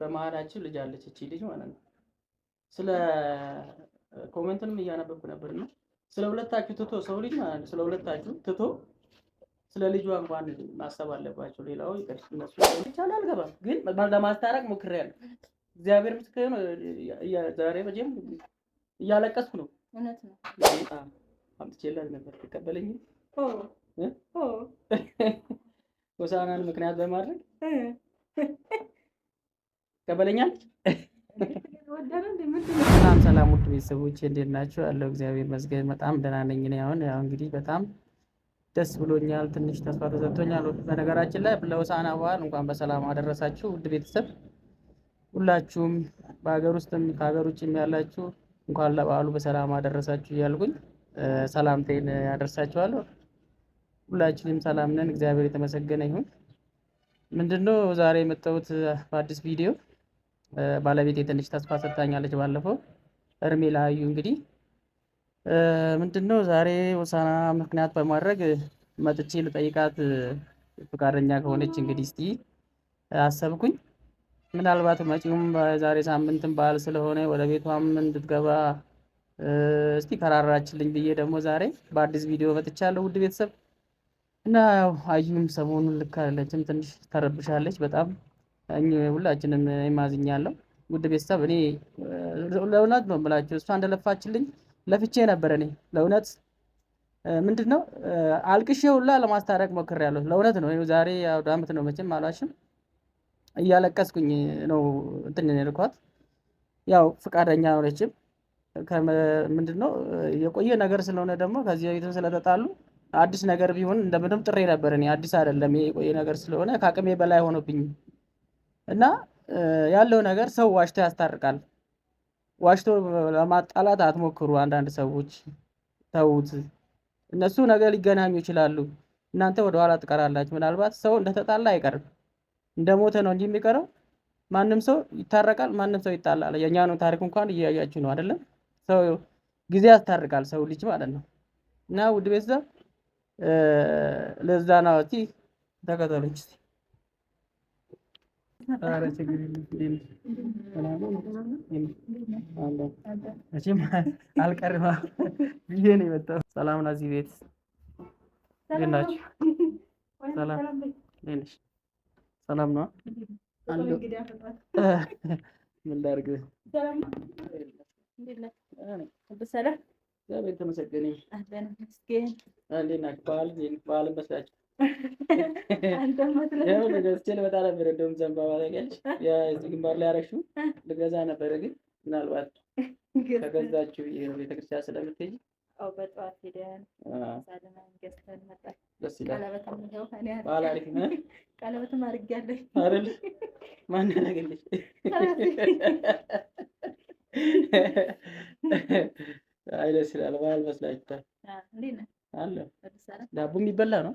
በመሀላችን ልጅ አለች እቺ ልጅ ማለት ነው። ስለ ኮመንትንም እያነበብኩ ነበር እና ስለ ሁለታችሁ ትቶ ሰው ልጅ ማለት ነው ስለ ሁለታችሁ ትቶ ስለ ልጇ እንኳን ማሰብ አለባቸው። ሌላው ይቀር እነሱ ይቻል አልገባም፣ ግን ለማስታረቅ ሞክሬያለሁ። እግዚአብሔር ምስክር ነው። ዛሬ በጀም እያለቀስኩ ነው። እውነት ነው። አምጥቼላት ነበር ተቀበለኝ ሆሳናን ምክንያት በማድረግ ትቀበለኛለች። ሰላም ሰላም፣ ውድ ቤተሰቦች እንዴት ናቸው? ያለው እግዚአብሔር ይመስገን በጣም ደህና ነኝ። አሁን ያው እንግዲህ በጣም ደስ ብሎኛል። ትንሽ ተስፋ ተሰጥቶኛል። በነገራችን ላይ ለሆሳዕና በዓል እንኳን በሰላም አደረሳችሁ ውድ ቤተሰብ ሁላችሁም በሀገር ውስጥም ከሀገር ውጭም ያላችሁ እንኳን ለበዓሉ በሰላም አደረሳችሁ እያልኩኝ ሰላምቴን ያደርሳችኋለሁ። ሁላችንም ሰላም ነን፣ እግዚአብሔር የተመሰገነ ይሁን። ምንድነው ዛሬ የመጣሁት በአዲስ ቪዲዮ ባለቤቴ ትንሽ ተስፋ ሰጥታኛለች ባለፈው እርሜ ላዩ እንግዲህ ምንድነው ዛሬ ውሳና ምክንያት በማድረግ መጥቼ ልጠይቃት ፈቃደኛ ከሆነች እንግዲህ እስቲ አሰብኩኝ። ምናልባት መጪውም ዛሬ ሳምንትን በዓል ስለሆነ ወደ ቤቷም እንድትገባ እስቲ ከራራችልኝ ብዬ ደግሞ ዛሬ በአዲስ ቪዲዮ መጥቻለሁ። ውድ ቤተሰብ እና ያው አዩም ሰሞኑን ልካለችም ትንሽ ተረብሻለች በጣም ሁላችንም ይማዝኛለሁ። ውድ ቤተሰብ እኔ ለእውነት ነው የምላችሁ፣ እሷ እንደለፋችልኝ ለፍቼ ነበር። እኔ ለእውነት ምንድን ነው አልቅሼ ሁላ ለማስታረቅ ሞክሬያለሁ። ለእውነት ነው ዛሬ አውደ ዓመት ነው መቼም አሏሽም እያለቀስኩኝ ነው እንትን የልኳት ያው ፈቃደኛ ሆነችም። ምንድን ነው የቆየ ነገር ስለሆነ ደግሞ ከዚህ በፊትም ስለተጣሉ አዲስ ነገር ቢሆን እንደምንም ጥሬ ነበር። እኔ አዲስ አይደለም የቆየ ነገር ስለሆነ ከአቅሜ በላይ ሆኖብኝ እና ያለው ነገር ሰው ዋሽቶ ያስታርቃል። ዋሽቶ ለማጣላት አትሞክሩ። አንዳንድ ሰዎች ተዉት። እነሱ ነገ ሊገናኙ ይችላሉ። እናንተ ወደኋላ ትቀራላችሁ። ምናልባት ሰው እንደተጣላ አይቀርም እንደሞተ ነው እንጂ የሚቀረው። ማንም ሰው ይታረቃል፣ ማንም ሰው ይጣላል። ነው ታሪክ እንኳን እያያችሁ ነው አይደለም? ሰው ጊዜ ያስታርቃል፣ ሰው ልጅ ማለት ነው። እና ውድ ቤተሰብ ለዛ ነው ተከተሉኝ። አልቀርም ብዬ ነው የመጣሁት። ሰላም ናት እዚህ ቤት እንዴት ናችሁ? ሰላም ነው። ምን ላድርግ? እግዚአብሔር ተመሰገነ። በዓል መስላችሁ ስችል በጣም ነበር እንደውም ዘንባባ ታውቂያለሽ፣ የዚህ ግንባር ላይ አረግሽው ልገዛ ነበረ፣ ግን ምናልባት ከገዛችሁ ቤተክርስቲያን ስለምትሄጂ በጠዋት ሄደን ገዝተን መጣን። ደስ ይላል። ቀለበትም አድርጊያለሽ አይደል? ማን ያደረግልሽ? አይ ደስ ይላል። በዓል መስላችኋል? ዳቦ የሚበላ ነው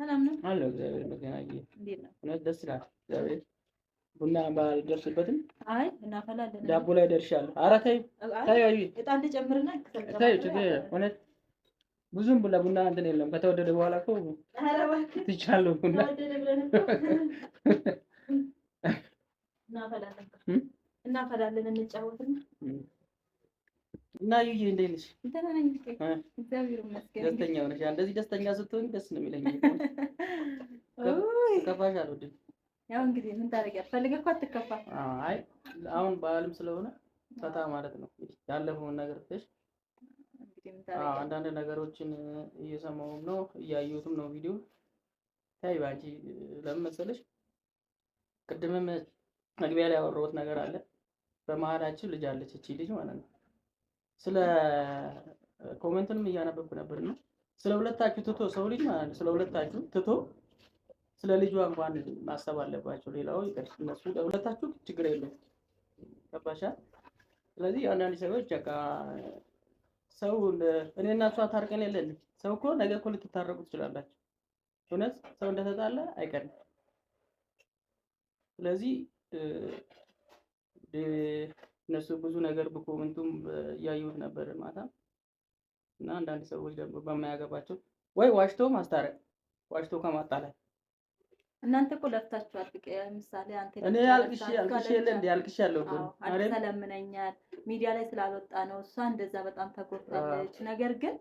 ሰላም ነው አለው። እግዚአብሔር እውነት ደስ ይላል። እግዚአብሔር ቡና ባልደርስበትም፣ አይ እናፈላለን። ዳቦ ላይ ደርሻለሁ። ኧረ እጣን ልጨምርና እውነት ብዙም እንትን የለም። ከተወደደ በኋላ እኮ ትቻለሁ። ቡና እናፈላለን እናፈላለን እንጫወትና እና ዩዬ እንዴት ነሽ? ደስተኛ ሆነሽ እንደዚህ ደስተኛ ስትሆን ደስ ነው የሚለኝ። ከፋሽ አልወድም። ያው እንግዲህ ምን ታደርጊያለሽ? ፈልገህ እኮ አትከፋም። አይ አሁን በዓልም ስለሆነ ፈታ ማለት ነው። ያለፈውን ነገር ትሽ አንዳንድ ነገሮችን እየሰማሁም ነው እያየሁትም ነው ቪዲዮ ታይ። በአንቺ ለምን መሰለሽ ቅድምም መግቢያ ላይ ያወራሁት ነገር አለ። በመሀላችን ልጅ አለች፣ እቺ ልጅ ማለት ነው ስለ ኮመንትንም እያነበብኩ ነበር እና ስለ ሁለታችሁ ትቶ ሰው ልጅ ማለት ስለ ሁለታችሁ ትቶ ስለ ልጇ እንኳን ማሰብ አለባቸው። ሌላው ይቅር፣ እነሱ ሁለታችሁ ችግር የለም ገባሻ። ስለዚህ አንዳንድ ሰዎች በቃ ሰው እኔ እና እሷ ታርቀን የለን ሰው እኮ ነገ እኮ ልትታረቁ ትችላላችሁ። እውነት ሰው እንደተጣለ አይቀርም። ስለዚህ እነሱ ብዙ ነገር በኮሜንቱም እያዩት ነበር ማታ እና አንዳንድ ሰዎች ደግሞ በማያገባቸው ወይ ዋሽቶ ማስታረቅ ዋሽቶ ከማጣላት እናንተ እኮ ለፍታችኋል። ምሳሌ አንተ እኔ አልቅሽ አልቅሽ የለ እንዴ አልቅሽ ያለው እኮ ተለምነኛል። ሚዲያ ላይ ስላልወጣ ነው እሷ እንደዛ በጣም ተጎድታለች። ነገር ግን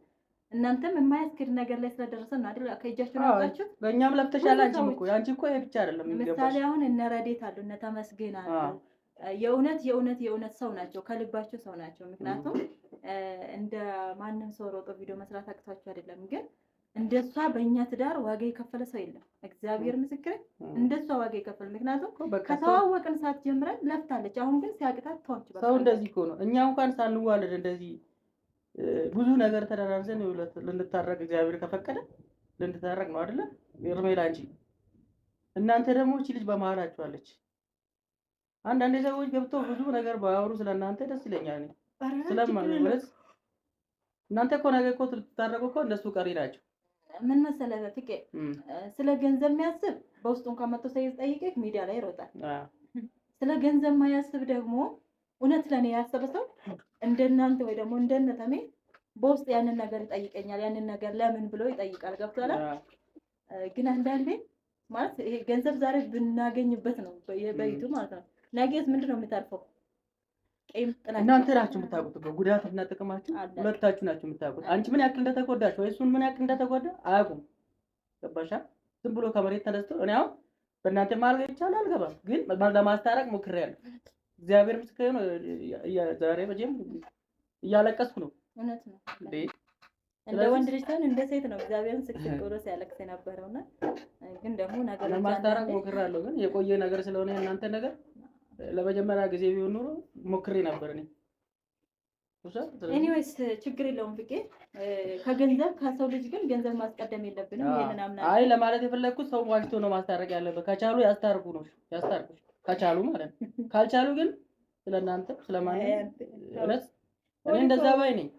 እናንተም የማያስክድ ነገር ላይ ስለደረሰ ነው አይደል? ከእጃችሁ ነውባችሁ። በእኛም ለፍተሻል። አንቺም እኮ አንቺ እኮ ይሄ ብቻ አይደለም። ምሳሌ አሁን እነ ረዴት አሉ እነ ተመስገን አሉ የእውነት የእውነት የእውነት ሰው ናቸው፣ ከልባቸው ሰው ናቸው። ምክንያቱም እንደ ማንም ሰው ሮጦ ቪዲዮ መስራት አቅቷቸው አይደለም። ግን እንደሷ በእኛ ትዳር ዋጋ የከፈለ ሰው የለም። እግዚአብሔር ምስክር፣ እንደሷ ዋጋ የከፈለ ምክንያቱም ከተዋወቅን ሰዓት ጀምረን ለፍታለች። አሁን ግን ሲያቅታት ተዋች። ሰው እንደዚህ ነው። እኛ እንኳን ሳንዋለድ እንደዚህ ብዙ ነገር ተደራርዘን ልንታረቅ እግዚአብሔር ከፈቀደ ልንታረቅ ነው አይደለም? ሄርሜላ እንጂ እናንተ ደግሞ እቺ ልጅ በመሀላችኋለች። አንዳንድ ሰዎች ገብተው ብዙ ነገር ባያወሩ ስለእናንተ ደስ ይለኛል። ስለማለት እናንተ እኮ ነገ እኮ ትታረቁ እኮ እነሱ ቀሪ ናቸው። ምን መሰለህ ፍቄ፣ ስለ ገንዘብ የሚያስብ በውስጡ እንኳን መጥቶ ሳይዝ ጠይቄ ሚዲያ ላይ ይሮጣል። ስለ ገንዘብ ማያስብ ደግሞ እውነት ለእኔ ያሰበ ሰው እንደናንተ ወይ ደግሞ እንደነተሜ በውስጥ ያንን ነገር ይጠይቀኛል። ያንን ነገር ለምን ብሎ ይጠይቃል። ገብቷል። ግን አንዳንዴ ማለት ይሄ ገንዘብ ዛሬ ብናገኝበት ነው በይቱ ማለት ነው ነገት ምንድን ነው የምታልፈው? እናንተ ናችሁ የምታውቁት እኮ ጉዳትና ጥቅማችሁ ሁለታችሁ ናችሁ የምታውቁት። አንቺ ምን ያክል እንደተጎዳሽ ወይ እሱን ምን ያክል እንደተጎዳ አያውቁም። ገባሻ? ዝም ብሎ ከመሬት ተነስቶ እኔ አሁን በእናንተ ማልገ ይቻላል አልገባም፣ ግን ለማስታረቅ ሞክሬያለሁ። እግዚአብሔር ምስክሬ ነው። ዛሬ መቼም እያለቀስኩ ነው። እውነት ነው እንደ ወንድ ልጅ ሳይሆን እንደ ሴት ነው። እግዚአብሔርን ስክስክ ብሎ ሲያለቅስ የነበረውና ግን ደግሞ ነገር ለማስታረቅ ሞክሬያለሁ፣ ግን የቆየ ነገር ስለሆነ እናንተ ነገር ለመጀመሪያ ጊዜ ቢሆን ኖሮ ሞክሬ ነበር እኔ። ኤኒዌይስ ችግር የለውም ብቄ ከገንዘብ ከሰው ልጅ ግን ገንዘብ ማስቀደም የለብንም። ይሄንን አምና አይ ለማለት የፈለግኩት ሰው ዋሽቶ ነው ማስታረቅ ያለበት። ከቻሉ ያስታርቁ ነው ያስታርቁ፣ ከቻሉ ማለት ነው። ካልቻሉ ግን ስለእናንተ ስለማንም እኔ እንደዛ ባይ ነኝ።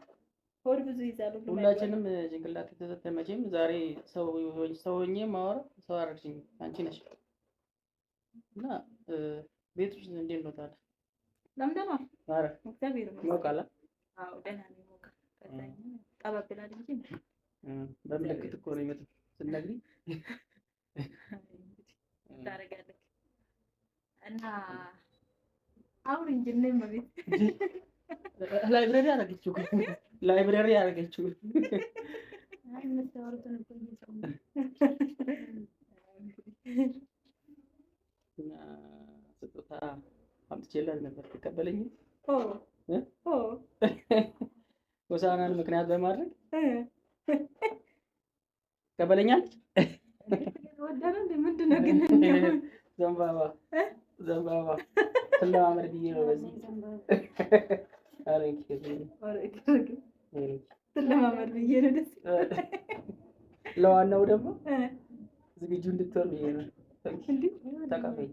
ሆድ ብዙ ይዛሉ። ሁላችንም ጭንቅላት የተሰጠ መቼም ዛሬ ሰው ሰውኜ ማወራ ሰው አረግሽኝ አንቺ ነሽ እና ቤት ውስጥ እንዴ እንወጣለን። ለምደማ አረ እግዚአብሔር ይሞቃል። አዎ ደህና ነው ይሞቃል። ጠበብ ብላል እንጂ በምልክት እኮ ነው ይመጣ ስነግሪ እና አሁን እንጂ እኔም በቤት ላይብረሪ አደረገችው ላይብረሪ አደረገችው። አይ የምታወሩትን እኮ አንስቼላት ነበር። ትቀበለኝ ሆሳናን ምክንያት በማድረግ ትቀበለኛለች። ዘንባባ ዘንባባ ትለማመድ ብዬ ነው። በዚህ ትለማመድ ብዬ ነው። ደስ ለዋናው ደግሞ ዝግጁ እንድትሆን ብዬ ነው። ተቀበይኝ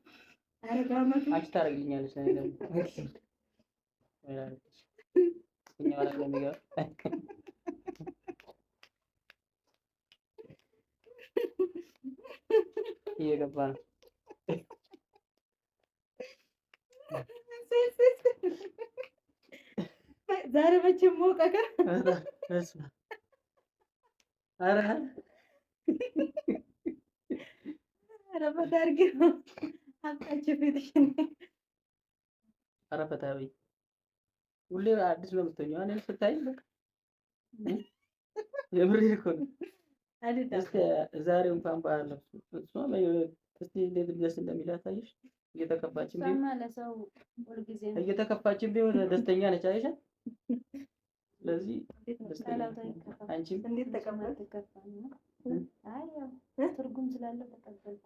አንቺ ታደርግልኛለች እየገባ ነው። ዛሬ መቼም ሞቀ። ኧረ በዳርጌ ነው ኧረ ፈታ በይ። ሁሌ አዲስ ነው የምትሆኚው። እኔ ስታይ የምሬ እኮ ነው። ዛሬ እንኳን በዓል ነው። እስኪ እንዴት ደስ እንደሚል አሳየሽ። እየተከፋችም እየተከፋችም ቢሆን ደስተኛ ነች አይሻ። ስለዚህ አንቺም ትርጉም ስላለው ተቀበልኩ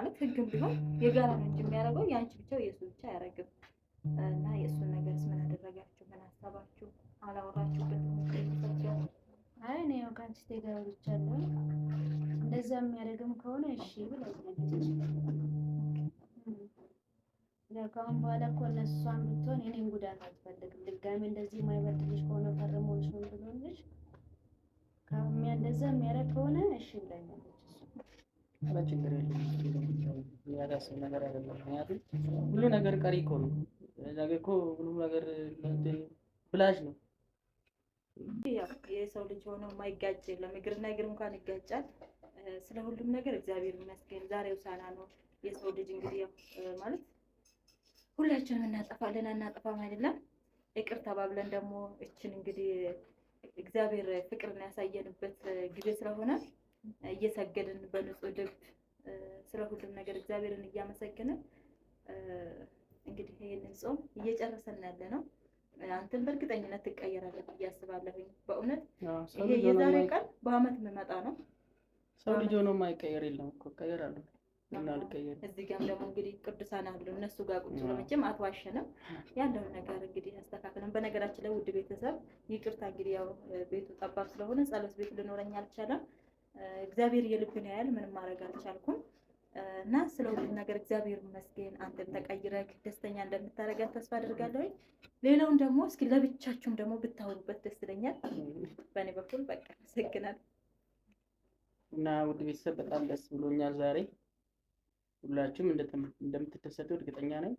ማለት ህግም ቢሆን የጋራ ነው እንጂ የሚያደርገው የአንቺ ብቻ የእሱ ብቻ አያደርግም። እና የእሱን ነገር ምን አደረጋችሁ? ምን አሰባችሁ? አላወራችሁበት? አይ እኔ ያው ከአንቺ ጋር አውርቻለሁ። እንደዛ የሚያደርግም ከሆነ እሺ ብላኛለች። ከአሁን በኋላ እኮ እነሷን ብትሆን የኔን ጉዳት አትፈልግም። ድጋሚ እንደዚህ የማይበድልሽ ከሆነ ፈርሞች ምን ብሎልሽ ከሚያ እንደዛ የሚያደርግ ከሆነ እሺ ብላኛለች። ችግር የለም ነገር አይደለም። ምክንያቱም ሁሉ ነገር ቀሪ እኮ ነው። ነገ እኮ ሁሉ ነገር ብላሽ ነው። የሰው ልጅ ሆኖ የማይጋጭ የለም። እግርና እግር እንኳን ይጋጫል። ስለ ሁሉም ነገር እግዚአብሔር ይመስገን። ዛሬው ሳና ነው። የሰው ልጅ እንግዲህ ማለት ሁላችንም እናጠፋለን፣ አናጠፋም አይደለም። ይቅር ተባብለን ደግሞ እችን እንግዲህ እግዚአብሔር ፍቅርን ያሳየንበት ጊዜ ስለሆነ እየሰገድን በንጹህ ልብ ስለ ሁሉም ነገር እግዚአብሔርን እያመሰገንን እንግዲህ ይህንን ጾም እየጨረሰን ያለ ነው። አንተን በእርግጠኝነት ትቀየራለህ ብዬ አስባለሁኝ። በእውነት ይሄ የዛሬ ቀን በአመት የምመጣ ነው። ሰው ልጅ ሆኖ ማይቀየር የለም እኮ እቀየራለሁ። እዚህ ጋም ደግሞ እንግዲህ ቅዱሳን አሉ። እነሱ ጋር ቁጭ ለመቼም አትዋሸንም። ያለውን ነገር እንግዲህ አስተካክለን። በነገራችን ላይ ውድ ቤተሰብ ይቅርታ፣ እንግዲህ ያው ቤቱ ጠባብ ስለሆነ ጸሎት ቤት ልኖረኝ አልቻለም። እግዚአብሔር የልብን ያህል ምንም ማድረግ አልቻልኩም እና ስለ ሁሉም ነገር እግዚአብሔር ይመስገን። አንተን ተቀይረክ ደስተኛ እንደምታደርጋት ተስፋ አድርጋለሁኝ። ሌላውን ደግሞ እስኪ ለብቻችሁም ደግሞ ብታወሩበት ደስ ይለኛል። በእኔ በኩል በቃ አመሰግናለሁ እና ውድ ቤተሰብ በጣም ደስ ብሎኛል ዛሬ ሁላችሁም እንደምትደሰቱ እርግጠኛ ነኝ።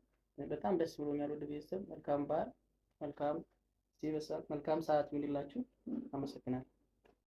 በጣም ደስ ብሎኛል። ወደ ቤተሰብ መልካም በዓል፣ መልካም ሲበሳ፣ መልካም ሰዓት ይሁንላችሁ። አመሰግናለሁ።